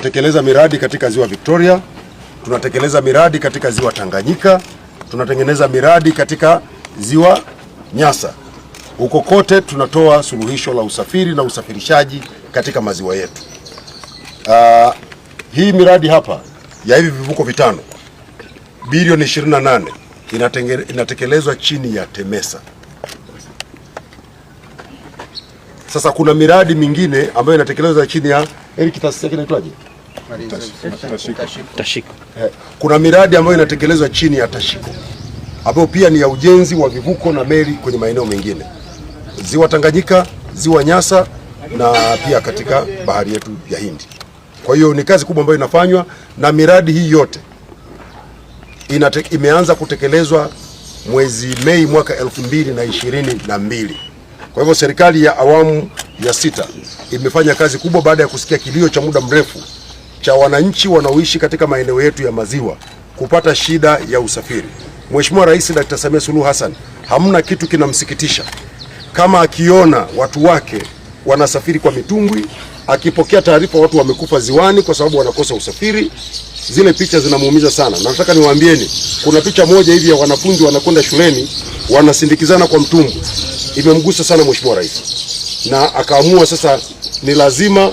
tunatekeleza miradi katika ziwa Victoria, tunatekeleza miradi katika ziwa Tanganyika, tunatengeneza miradi katika ziwa Nyasa. Huko kote tunatoa suluhisho la usafiri na usafirishaji katika maziwa yetu. Uh, hii miradi hapa ya hivi vivuko vitano bilioni 28 inatekelezwa chini ya TEMESA. Sasa kuna miradi mingine ambayo inatekelezwa chini ya Eric, taasisi yake inaitwaje? Tashiko. Eh, kuna miradi ambayo inatekelezwa chini ya Tashiko ambayo pia ni ya ujenzi wa vivuko na meli kwenye maeneo mengine ziwa Tanganyika, ziwa Nyasa na pia katika bahari yetu ya Hindi. Kwa hiyo ni kazi kubwa ambayo inafanywa na miradi hii yote inate, imeanza kutekelezwa mwezi Mei mwaka elfu mbili na ishirini na mbili. Kwa hivyo serikali ya awamu ya sita imefanya kazi kubwa baada ya kusikia kilio cha muda mrefu cha wananchi wanaoishi katika maeneo yetu ya maziwa kupata shida ya usafiri. Mheshimiwa Rais Dr. Samia Suluhu Hassan, hamna kitu kinamsikitisha kama akiona watu wake wanasafiri kwa mitumbwi, akipokea taarifa watu wamekufa ziwani kwa sababu wanakosa usafiri. Zile picha zinamuumiza sana, na nataka niwaambieni, kuna picha moja hivi ya wanafunzi wanakwenda shuleni wanasindikizana kwa mtumbwi, imemgusa sana Mheshimiwa Rais na akaamua sasa ni lazima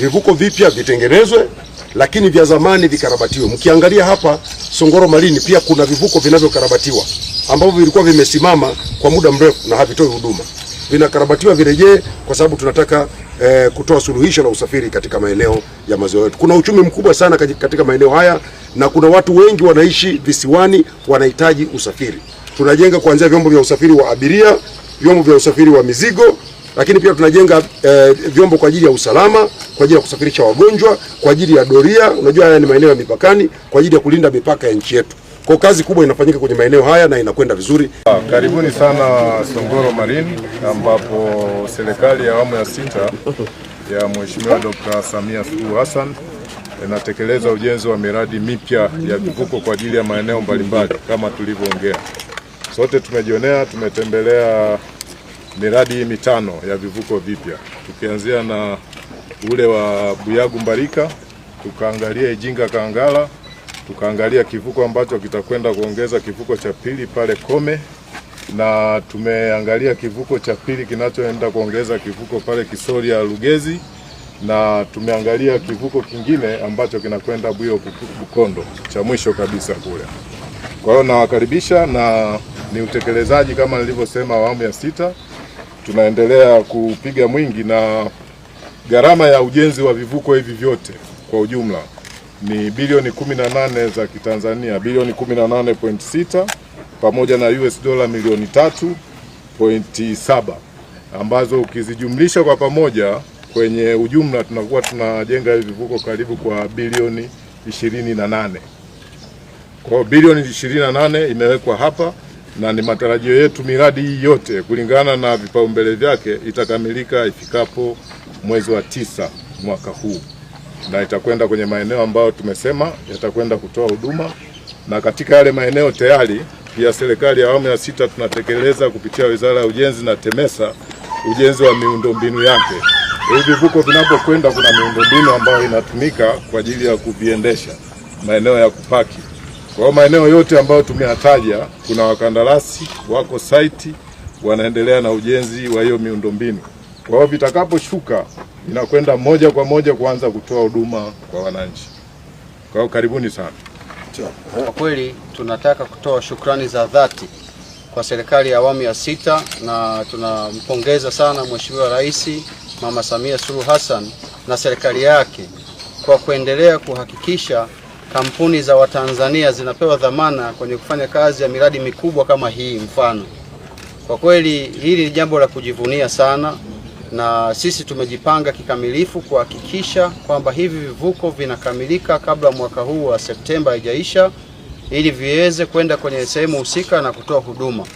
vivuko vipya vitengenezwe, lakini vya zamani vikarabatiwe. Mkiangalia hapa Songoro Malini pia kuna vivuko vinavyokarabatiwa ambavyo vilikuwa vimesimama kwa muda mrefu na havitoi huduma, vinakarabatiwa virejee, kwa sababu tunataka eh, kutoa suluhisho la usafiri katika maeneo ya maziwa yetu. Kuna uchumi mkubwa sana katika maeneo haya na kuna watu wengi wanaishi visiwani, wanahitaji usafiri. Tunajenga kuanzia vyombo vya usafiri wa abiria, vyombo vya usafiri wa mizigo lakini pia tunajenga eh, vyombo kwa ajili ya usalama, kwa ajili ya kusafirisha wagonjwa, kwa ajili ya doria. Unajua haya ni maeneo ya mipakani, kwa ajili ya kulinda mipaka ya nchi yetu. Kwa kazi kubwa inafanyika kwenye maeneo haya na inakwenda vizuri. Ah, karibuni sana Songoro Marine, ambapo serikali ya awamu ya sita ya Mheshimiwa Dr. Samia Suluhu Hassan inatekeleza ujenzi wa miradi mipya ya vivuko kwa ajili ya maeneo mbalimbali. Kama tulivyoongea, sote tumejionea, tumetembelea miradi mitano ya vivuko vipya, tukianzia na ule wa Buyagu Mbarika, tukaangalia Ijinga Kangala, tukaangalia kivuko ambacho kitakwenda kuongeza kivuko cha pili pale Kome, na tumeangalia kivuko cha pili kinachoenda kuongeza kivuko pale Kisoria Lugezi, na tumeangalia kivuko kingine ambacho kinakwenda Buyo Bukondo cha mwisho kabisa kule. Kwa hiyo nawakaribisha na ni utekelezaji kama nilivyosema, awamu ya sita tunaendelea kupiga mwingi na gharama ya ujenzi wa vivuko hivi vyote kwa ujumla ni bilioni 18 za Kitanzania, bilioni 18.6 pamoja na US dola milioni 3.7 ambazo ukizijumlisha kwa pamoja kwenye ujumla tunakuwa tunajenga hivi vivuko karibu kwa bilioni 28. Kwa bilioni 28 imewekwa hapa na ni matarajio yetu miradi hii yote kulingana na vipaumbele vyake itakamilika ifikapo mwezi wa tisa mwaka huu, na itakwenda kwenye maeneo ambayo tumesema yatakwenda kutoa huduma, na katika yale maeneo tayari pia serikali ya awamu ya sita tunatekeleza kupitia Wizara ya Ujenzi na TEMESA ujenzi wa miundombinu yake. Hivi vivuko vinapokwenda, kuna miundombinu ambayo inatumika kwa ajili ya kuviendesha, maeneo ya kupaki kwa hiyo maeneo yote ambayo tumeyataja kuna wakandarasi wako saiti wanaendelea na ujenzi wa hiyo miundombinu. Kwa hiyo vitakaposhuka inakwenda moja kwa moja kuanza kutoa huduma kwa wananchi. Kwa hiyo karibuni sana. Kwa kweli tunataka kutoa shukrani za dhati kwa serikali ya awamu ya sita na tunampongeza sana Mheshimiwa Rais Mama Samia Suluhu Hassan na serikali yake kwa kuendelea kuhakikisha kampuni za Watanzania zinapewa dhamana kwenye kufanya kazi ya miradi mikubwa kama hii mfano. Kwa kweli hili ni jambo la kujivunia sana, na sisi tumejipanga kikamilifu kuhakikisha kwamba hivi vivuko vinakamilika kabla mwaka huu wa Septemba haijaisha, ili viweze kwenda kwenye sehemu husika na kutoa huduma.